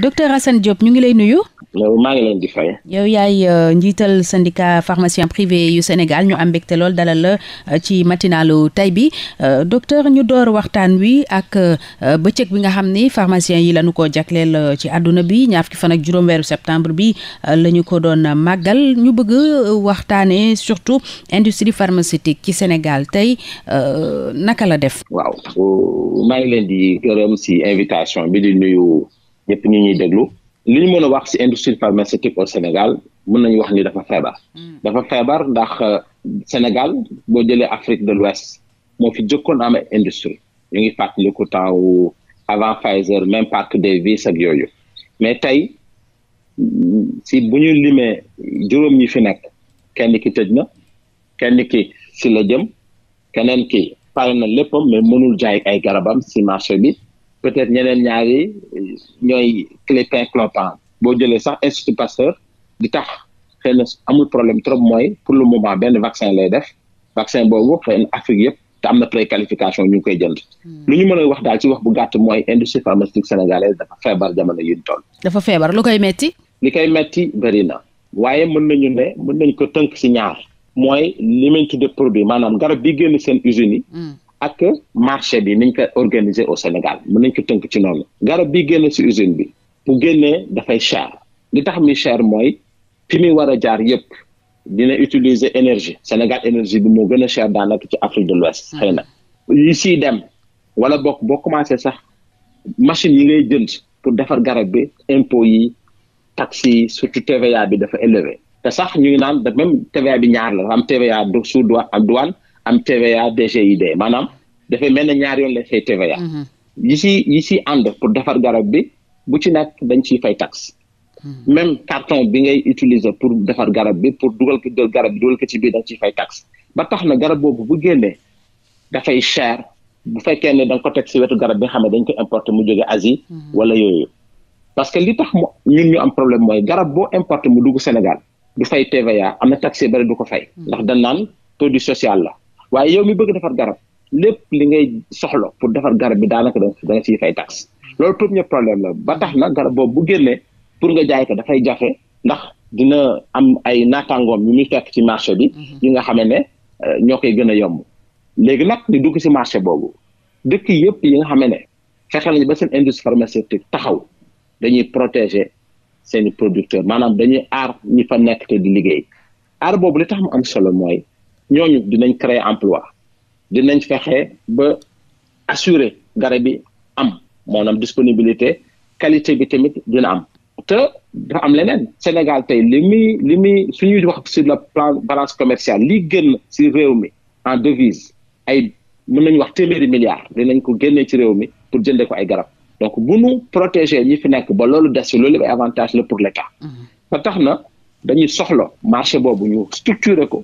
docteur Assane Diop ñu ngi lay nuyu. maa ngi leen di fay. yow yaay euh, njiital syndicat pharmacien privé yu Sénégal ñu am mbégte lool dalal la euh, ci matinalu tay bi euh, docteur ñu door waxtaan wi ak bëccëg bi nga xam ni pharmacien yi lañu ko jagleel ci àdduna bi ñaar fukki fan ak juróom weeru septembre bi lañu ko doon màggal ñu bëgg waxtaanee surtout industrie pharmaceutique ci Sénégal tey naka la def. waaw maa ngi leen di gërëm si invitation bi di nuyu. ñëpp ñu ñuy déglu li mën a wax ci industrie pharmaceutique au Sénégal mën nañu wax ni dafa feebar. Mm. dafa feebar ndax euh, Sénégal boo jëlee Afrique de l'Ouest moo fi jëkkoon am industrie ñu ngi fàttaliku temps avant Pfizer même Parke Davis ak yooyu mais tey si bu ñu limee juróom ñi fi nekk kenn ki tëj na kenn ki si la jëm keneen ki pare na léppam mais mënul jaay ay garabam si marché bi. peut-être ñeneen ñaari ñooy clépin clopin boo jëlee sax institut Pasteur di tax xëy amul problème trop mooy pour le moment benn vaccin lay def vaccin boobu xëy na Afrique yëpp te am na préqualification ñu ngi koy jënd. Hmm. lu ñu mën a wax daal ci wax bu gàtt mooy industrie pharmaceutique sénégalaise dafa feebar jamono yi ñu toll. dafa feebar lu koy metti li koy metti bëri na waaye mën ñu ne mën nañ ko tënk ci ñaar mooy li mañ tudde produit maanaam garab bi génn seen usines yi hmm. ak marché bi niñ koy organiser au Sénégal mën nañ ko tënk ci noonu garab bi génn si usine bi bu génnee dafay cher li tax mi cher mooy fi muy war a jaar yëpp dina utiliser énergie Sénégal énergie bi moo gën a cher daanaka ci Afrique de l'Ouest ah. xëy na yi siy dem wala bokk boo commencé sax machine yi ngay jënd pour defar garab bi impôts yi taxes yi surtout TVA bi dafa élevé te sax ñu ngi naan même TVA bi ñaar la am TVA sur douane am douane am TVA DGID maanaam dafay mel ne ñaar yoon lañ fay TVA. Mhm. yi si yi si ànd pour defar garab bi bu ci nekk dañ ciy fay taxe. Mhm. même carton bi ngay utiliser pour defar garab bi pour dugal ko garab bi dugal ko ci biir dañ fay taxe ba tax na garab boobu bu génnee dafay cher bu fekkee ne da nga ko teg si wetu garab bi nga xam ne dañ ko importer mu jóge Asie. Mhm. wala yooyu. parce que li tax mu ñun ñu am problème mooy garab boo importer mu dugg Sénégal du fay TVA am na taxe yu bëri du ko fay. ndax dañ naan produit social la. waaye yow mi bëgg defar garab lépp li ngay soxla pour defar garab bi daanaka da nga siy fay taxe loolu premier problème la ba tax na garab boobu bu génnee pour nga jaay ko dafay jafe ndax dina am ay naataangoom yu muy fekk ci marché bi mhm. yi nga xam ne euh, ñoo koy gën a yomb léegi nag di dugg ci marché boobu dëkk yëpp yi nga xam ne fexe nañu ba seen industrie pharmaceutique taxaw dañuy protéger seeni producteurs maanaam dañuy aar ñi fa nekk te di liggéey aar boobu li tax mu am solo mooy ñooñu dinañ créer emploi dinañ fexe ba assurer garab bi am maanaam disponibilité qualité bi tamit dina am te am leneen Sénégal tey li muy li muy suñuy wax sur le plan balance commerciale li gën ci réew mi en devise ay mën nañu wax téeméeri milliards dinañ ko génnee ci réew mi pour jëndee ko ay garab donc bu nu protéger ñi fi nekk ba loolu des loolu ay avantage la pour l'État. Mhm. ba tax na dañuy soxla marché boobu ñu structurer ko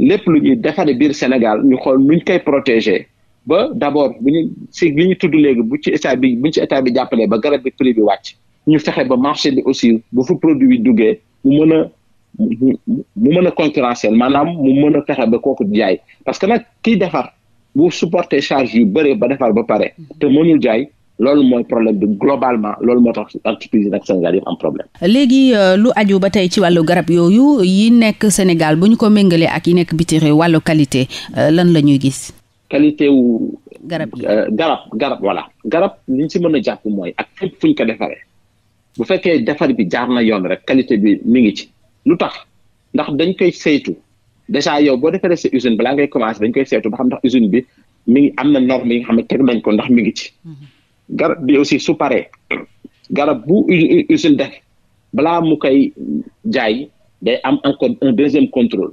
lépp lu ñuy defaree biir Sénégal ñu xool nuñ koy protéger ba d' abord bu ñu si li ñu tudd léegi bu ci état bi bu ci état bi jàppalee ba garab bi prix bi wàcc ñu fexe ba marché bi aussi ba fu produit bi duggee mu mën a mu mën a concurrentiel maanaam mu mën a fexe ba kooku jaay parce que nag kiy defar bu supporter charge yu bëree ba defar ba pare te mënul jaay loolu mooy problème bi globalement loolu moo tax entreprise yi nag Sénégal am problème. léegi euh, lu aju ba tey ci wàllu garab yooyu yi nekk Sénégal bu ñu ko méngalee ak yi nekk biti réew wàllu qualité euh, lan la ñuy gis. qualité wu. garab yi euh, garab wala garab li ñu si mën a jàpp mooy ak fépp ko defaree bu fekkee defar bi jaar na yoon rek qualité bi mi ngi ci lu tax ndax dañ koy saytu déjà yow boo defaree sa usine balaa ngay commencé dañ koy saytu ba xam ndax usine bi mi ngi am na norme yi nga xam ne teg nañ ko ndax mi ngi ci. Mhm. garab bi aussi su paree garab bu usine def balaa mu koy jaay day am encore un deuxième contrôle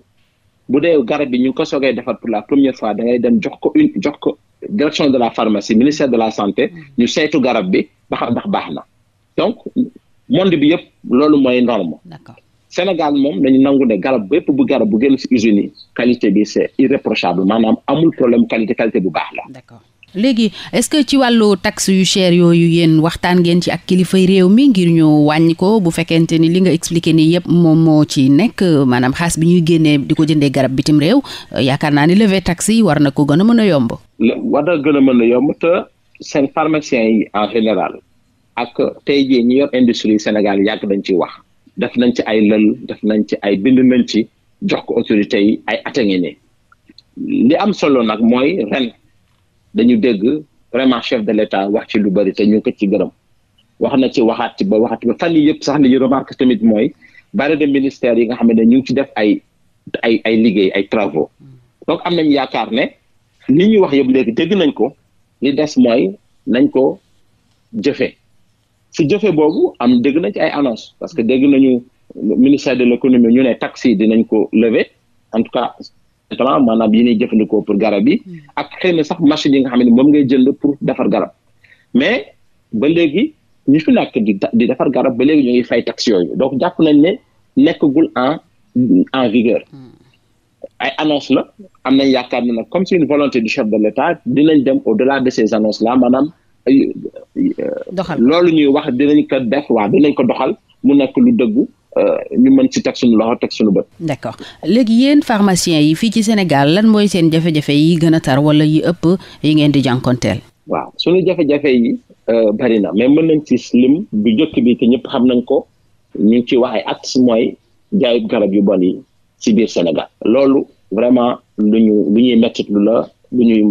bu dee garab bi ñu ko soogay defar pour la première fois da ngay dem jox ko jox ko direction de la pharmacie ministère de la santé ñu saytu garab bi ba xam ndax baax na donc monde bi yëpp loolu mooy norme Sénégal moom dañu nangu ne garab bépp bu garab bu génn ci usine yi qualité bi c'est irréprochable maanaam amul problème qualité qualité bu baax la léegi est-ce que ci wàllu taxe yu cher yooyu yéen waxtaan ngeen ci ak kilifay réew mi ngir ñu wàññi ko bu fekkente ni li nga expliqué ni yëpp moom moo ci nekk maanaam xaas bi ñuy génnee di ko jëndee garab bitim réew euh, yaakaar naa ni levée taxe yi war na ko gën a mën a yomb. war na gën a mën a yomb te seen pharmaciens yi en général ak tey jii ñi yor industrie Sénégal yàgg dañ ci wax def nañ ci ay lël def nañ ci ay bind nañ ci jox ko autorités yi ay atténué li am solo nag mooy dañu dégg vraiment chef de l'État wax ci lu bari te ñu ko ci gërëm wax na ci waxaat ci ba waxaat ci ba fan yi yëpp sax li ñu remarque tamit mooy bari de ministères yi nga xam ne ñu ngi ci def ay ay ay liggéey ay travaux donc am nañ yaakaar ne li ñuy wax yëpp léegi dégg nañ ko li des mooy nañ ko jëfe si jëfe boobu am dégg nañ ci ay annonce parce que dégg nañu ministère de l'économie ñu ne taxes yi dinañ ko lever en tout cas traitement maanaam yi ñuy jëfandikoo pour garab yi hmm. ak xëy na sax machine yi nga xam ne moom ngay jënd pour defar garab mais ba léegi ñu fi nekk di di defar garab ba léegi ñu ngi fay tax yooyu donc jàpp nañ ne nekkagul en en vigueur hmm. ay annonce la am nañ yaakaar ne na comme c'est une volonté du chef de l'État dinañ dem au-delà de ces annonces là maanaam euh, euh, loolu ñuy wax dinañ ko def waaw dinañ ko doxal mu nekk lu dëggu Euh, ñu mën ci teg suñu loxo teg suñu bët. d'accord léegi yéen pharmaciens yi fii ci Sénégal lan mooy seen jafe-jafe yi gën a tar wala yi ëpp yi ngeen di jànkonteel. waaw suñu jafe-jafe yi euh, bari na mais mën nañ ci lim bu jëkk bi te ñëpp xam nañ ko ñu ngi ci wax ay at mooy jaayub garab yu bon yi ci biir Sénégal loolu vraiment lu ñu lu ñuy métti lu la lu ñuy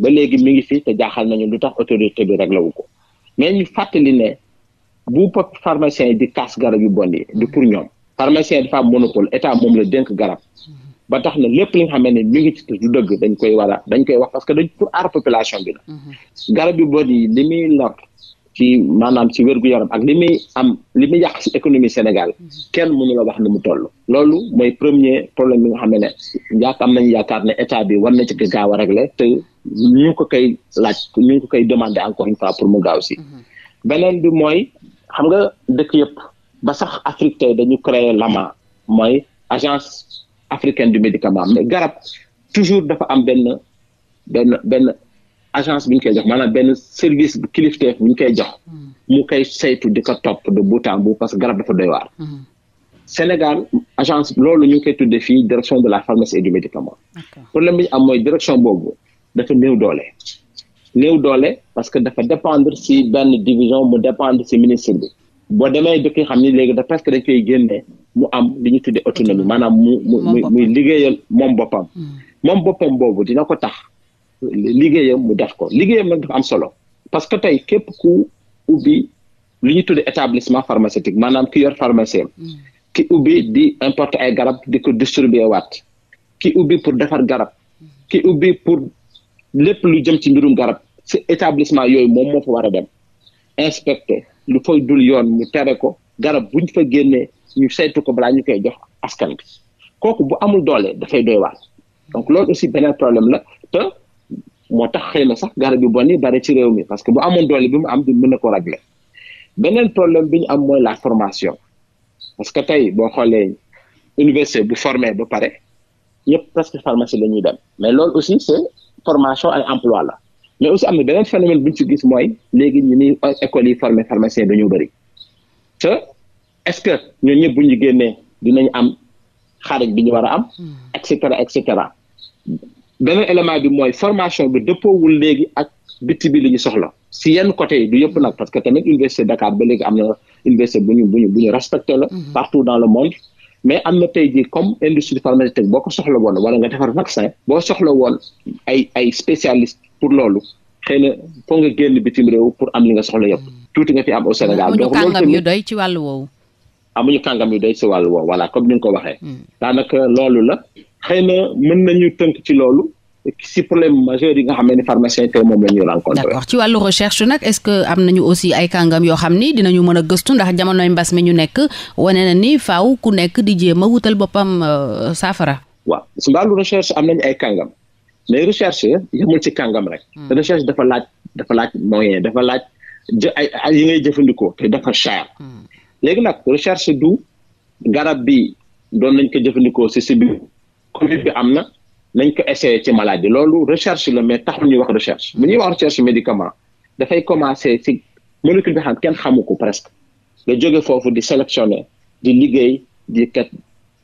ba léegi mi ngi fi te jaaxal nañu lu tax autorité bi réglé wu ko mais ñu fàttali ne. bu pharmacien yi di kaas garab yu bon yi du pour ñoom pharmacien dafa am monopole état moom la dénk garab ba tax na lépp li nga xamee ne mi ngi ci du dëgg dañ koy war a dañ koy wax parce que dañ pour aar population bi la mhm. garab yu bon yi li muy lor ci maanaam ci wér-gu-yaram ak limi muy am li muy yàq ci économie Sénégal mhm. kenn mënu la wax ni mu toll loolu mooy premier problème bi nga xam ne yaakaar nañu yaakaar ne état bi war na ci gaaw a régler te ñu ngi ko koy laaj ñu ko koy demander encore une fois mu gaaw si mhm. xam nga dëkk yëpp ba sax Afrique tey dañu créer l'AMA mooy agence africaine du médicament mais garab toujours dafa am benn benn benn agence bu ñu koy jox maanaam benn service bu kilifteef bu ñu koy jox hmm. mu koy saytu di ko topp de bout en parce que garab dafa doy waar. Hmm. Sénégal agence loolu ñu koy tuddee fii direction de la pharmacie et du médicament. problème bi am mooy direction boobu dafa néew doole. néew doole parce que dafa dépendre si benn division mu dépendre si ministre bi boo demee dëkk yi xam ni léegi da presque dañ koy génnee mu am li ñu tuddee autonomie maanaam mu mu muy liggéeyal moom boppam hmm. moom boppam boobu dina ko tax liggéeyam mu def ko liggéeyam nag dafa am solo parce que tey képp ku ubbi li ñu tuddee établissement pharmaceutique maanaam ki yor pharmacien hmm. ki ubbi di importer ay garab di ko distribuer waat ki ubbi pour defar garab hmm. ki ubbi pour lépp lu jëm ci mbirum garab si établissement yooyu moom moo fa war a dem inspecteur lu fay dul yoon ñu tere ko garab buñ fa génnee ñu saytu ko balaa ñu koy jox askan bi kooku bu amul doole dafay doy waar donc loolu aussi beneen problème la te moo tax xëy na sax garab yu bon yi bari ci réew mi parce que bu amoon doole bi mu am di mën na ko le beneen problème bi ñu am mooy la formation parce que tey boo xoolee université bu formé ba pare ñëpp presque pharmacie la ñuy dem mais loolu formation ay emploi la mais am na beneen phénomène buñ ñu ci gis mooy léegi ñu ni écoles yi formé pharmacien dañoo bëri te est-ce que ñun ñëpp bu ñu génnee dinañ am xarit bi ñu war a am hmm. et cetera cetera beneen élément bi mooy formation bi dëppoowul léegi ak bitti bi li ñu soxla si yenn côté yi du yëpp nag parce que tamit université Dakar ba léegi am na université bu ñu bu ñu bu ñu respecté la hmm. partout dans le monde mais am na tey jii comme industrie pharmaceutique boo ko soxla woon wala nga defar vaccin boo soxla woon ay ay spécialiste pour loolu xëy na foo nga génn bitim réew pour am li nga soxla yëpp hmm. tuuti nga fi am au Sénégal donc loolu kàngam yu doy ci wàllu woowu amuñu kàngam yu doy ci wàllu woowu voilà comme ni nga ko waxe hmm. daanaka loolu la xëy na mën ñu tënk ci loolu si problème majeur yi nga xam ne pharmacien tey moom la ñuy rencontré. d'accord ci wàllu recherche nag est-ce que am aussi ay kàngam yoo xam ni dinañu mën a gëstu ndax jamonoy mbas mi ñu nekk wane na ni faaw ku nekk di jéem a wutal boppam euh, saafara. waaw su wàllu recherche am nañu ay kàngam mais recherche yemul ci kàngam rek. Hmm. recherche dafa laaj dafa laaj moyen dafa laaj jë ay yi ngay jëfandikoo te dafa cher. Hmm. léegi nag recherche du garab bi doon nañ koy jëfandikoo si si biir nañ ko essayé ci maladie loolu recherche la mais taxul ñuy wax wax recherche médicament dafay commencé si molécule bi xam kenn xamu ko presque nga jóge foofu di sélectionner di liggéey di kat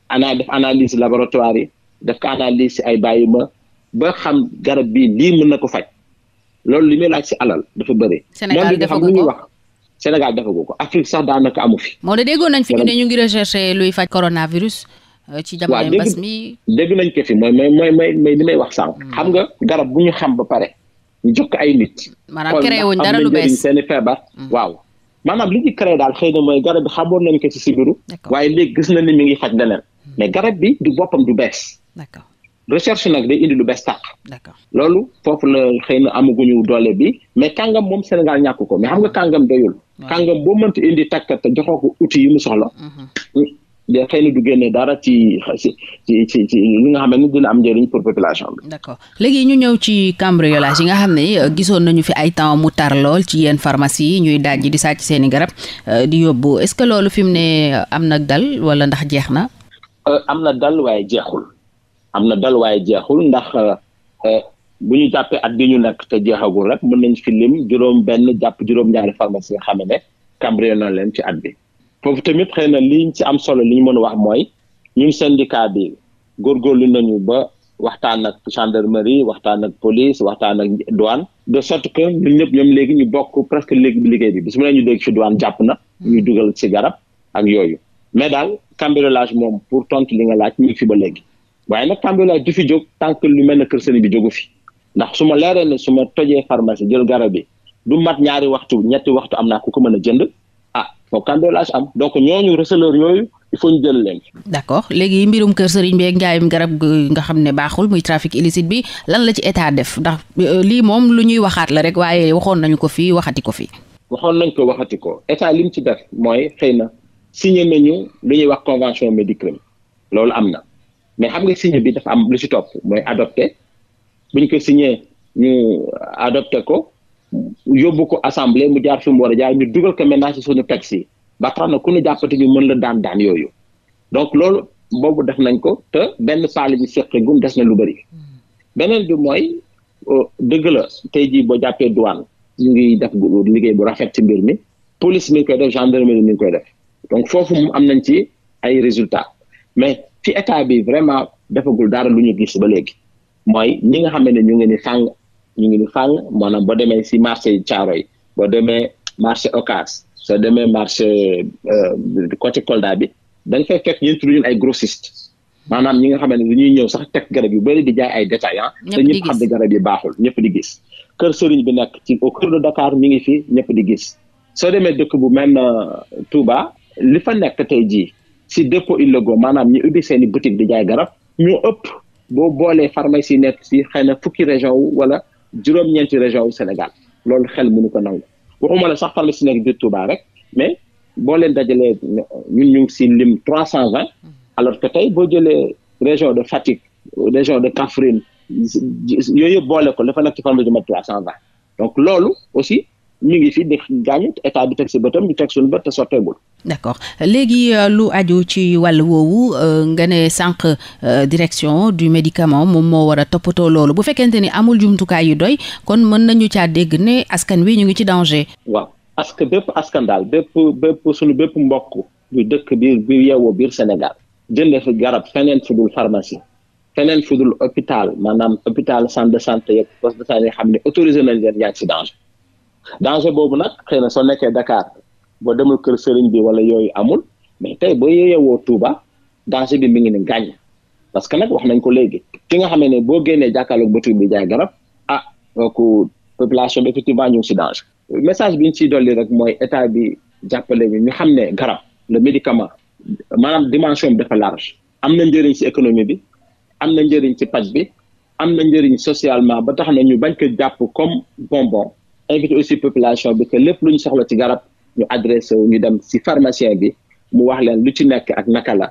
ana def analyse laboratoire yi def ko analyse si ay bàyyi ma ba xam garab bi lii mën na ko faj loolu li muy laaj si alal dafa bëri. Sénégal defagu ko lu ñuy wax Sénégal defagu ko Afrique sax daanaka amu fi. Maodo déggoon nañ fi ñu ngi recherché luy faj coronavirus. Euh, ci jamono mbas mi dégg nañ ko fi mooy mooy mooy mooy li may wax sànq. Hmm. xam nga garab bu ñu xam ba pare ñu ay nit. maanaam créé wuñ dara lu bees seen i feebar hmm. waaw. maanaam li ci daal xëy na mooy garab bi xamoon nañ ko ci sibiru waaye léegi gis na ni mi ngi faj leneen hmm. mais garab bi du boppam du bees recherche nag day indi lu bees tàq loolu foofu la xëy na amaguñu doole bi mais kàngam moom Sénégal ñàkk ko mais xam nga kàngam doyul kàngam boo mënta indi takkat te joxoo ko uti yu mu soxla de xëy na du génne dara ci ci ci li nga xam ne dina am njëriñ pour population bi. d'accord léegi ñu ñëw ci cambriolage yi nga xam ne euh, gisoon nañu fi ay temps mu tar lool ci yenn pharmacie yi ñuy daaj di sàcc seeni garab euh, di yóbbu est-ce que loolu fi mu ne euh, am na dal wala ndax jeex na. am na dal waaye jeexul am na dal waaye jeexul ndax bu ñu jàppee at bi ñu nekk te jeexagul rek mën nañ fi lim juróom benn jàpp juróom ñaari pharmacie nga xam ne cambriolé na leen ci at bi. foofu tamit xëy na liñ ci am solo li ñu mën a wax mooy ñun syndicat bi góorgóorlu nañu ba waxtaan ak gendarmerie waxtaan ak police waxtaan ak douane de sorte que ñun ñëpp ñoom léegi ñu bokk presque léegi liggéey bi bis mu ne ñu dégg ci douane jàpp na ñu hmm. dugal ci garab ak yooyu mais daal cambriolage moom pour tontu li nga laaj ñu ngi fi ba léegi waaye nag cambriolage du fi jóg tant que lu mel ne kër sëriñ bi jógu fi ndax su ma leeree ne su ma tojee pharmacie jël garab bi du mat ñaari waxtu ñetti waxtu am naa ku ko mën a jënd moo kandoo laa am donc ñooñu receleurs yooyu il faut ñu jël leen. d' accord léegi mbirum kër Serigne beeg njaayum garab nga xam ne baaxul muy trafic illicite bi lan la ci état def ndax euh, lii moom lu ñuy waxaat la rek waaye waxoon nañu ko fii waxati ko fii. waxoon nañ ko waxati ko état li mu ci def mooy xëy na signé nañu lu ñuy wax convention Médicrème loolu am na mais xam nga signé bi dafa am lu si topp mooy adopté bu ñu ko signé ñu adopté ko yóbbu ko assemblée mu jaar fi mu war a jaar ñu dugal ko maintenant suñu texte ba tax na ku ñu jàppati ñu mën la daan daan yooyu donc loolu boobu def nañ ko te benn paal ñu seqe gum des na lu bëri beneen bi mooy euh, dëgg la tey jii boo jàppee douane ñu ngi def liggéey bu rafet ci mbir mi police mi ngi koy def gendarmerie mi ngi koy def donc foofu moom am nañ ci ay résultats mais fi état bi vraiment defagul dara lu ñu gis ba léegi mooy ñi nga xam ne ñu ngi ni sàng ñu ngi ni fàng maanaam boo demee si marché Thiaroye boo demee marché Ocass soo demee marché euh, côté Kolda bi da nga fay fekk ñun ay grossistes maanaam ñi nga xam ne dañuy ñëw sax teg garab yu bëri di ay détaillants. Ah. ñëpp xam ne garab yi baaxul ñëpp di gis. kër Serigne bi nekk ci au cœur de Dakar mi ngi fi ñëpp di gis soo demee dëkk bu mel ne euh, Touba li fa nekk tey jii si dépôt illégaux maanaam ñu ubbi seen i boutique di jaay garab ñu ëpp boo boolee pharmacie nekk si xëy na fukki région wu wala. juróom-ñeenti région yu Sénégal loolu xel mënu ko nangu waxuma la sax farlu si nekk biir Touba rek mais boo leen dajalee ñun ñu ngi si lim trois cent vingt alors que tey boo jëlee région de Fatick région de Kaffrine yooyu yëpp boole ko dafa nekk ci farlu du mat trois cent vingt donc loolu aussi ñu ngi fi di gaañu état bi teg si bëtam ñu teg suñu bët te sotteegul d'accord léegi euh, lu aju ci wàll woowu euh, nga ne sànq euh, direction du médicament moom moo war a toppatoo loolu bu fekkente ni amul jumtukaay yu doy kon mën nañu caa dégg ne askan wi ñu ngi ci danger. waaw parce que bépp askan daal bépp bépp suñu bépp mbokk du dëkk biir bi yeewoo biir Sénégal jëndee fi garab feneen fu dul pharmacie feneen fu dul hôpital maanaam hôpital centre de santé yeeg poste de santé yi xam ne autorisé nañ leen yaa ngi si danger danger boobu nag xëy na boo demal kër sëriñ bi wala yooyu amul mais tey boo yeewoo Touba danger bi mi ngi ne gàññ parce que nag wax nañ ko léegi ki nga xamee ne boo génnee jàkkaarloog bëtu bi jaay garab ah kooku population bi effectivement ñu ngi si message bi ciy dolli rek mooy état bi jàppale ñu ñu xam ne garab le médicament maanaam dimension bi dafa am na njëriñ si économie bi am na njëriñ ci paj bi am na njëriñ socialement ba tax na ñu bañ ko jàpp comme bonbon invité aussi population bi que lépp lu ñu soxla ci garab ñu adressé wu ñu dem si pharmacien bi mu wax leen lu ci nekk ak naka la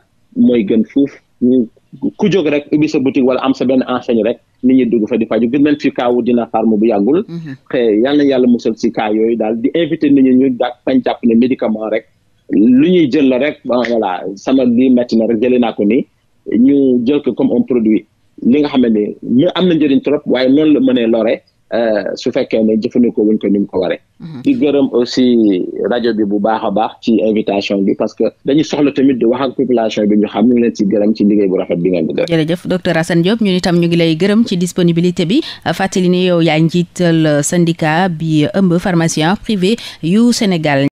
mooy gën fuuf ñu ku jóg rek ubbi sa boutique wala am sa benn enseigne rek nit ñi dugg fa di faju gis nañ fi ka dina farme bu yàggul xëy mhm. yal na yàlla musal si kaa yooyu daal di invité nit ñu daa bañ jàpp ne médicament rek lu ñuy jël la rek voilà sama lii metti na rek jëlee naa ko nii ñu jël ko comme un produit li nga xam ne am na njëriñ trop waaye noonu la mënee lore Euh, su fekkee ne jëfandikoo wuñ ko ni mu ko waree. Mhm. di gërëm aussi rajo bi bu baax a baax ci invitation bi parce que dañu soxla tamit di wax ak population bi ñu xam ñu leen ci gërëm ci liggéey bu rafet bi ngeen di def. jërëjëf docteur Assane Diop ñu ngi lay gërëm ci disponibilité bi fàttali ni njiital syndicat bi ëmb pharmacien privé yu Sénégal.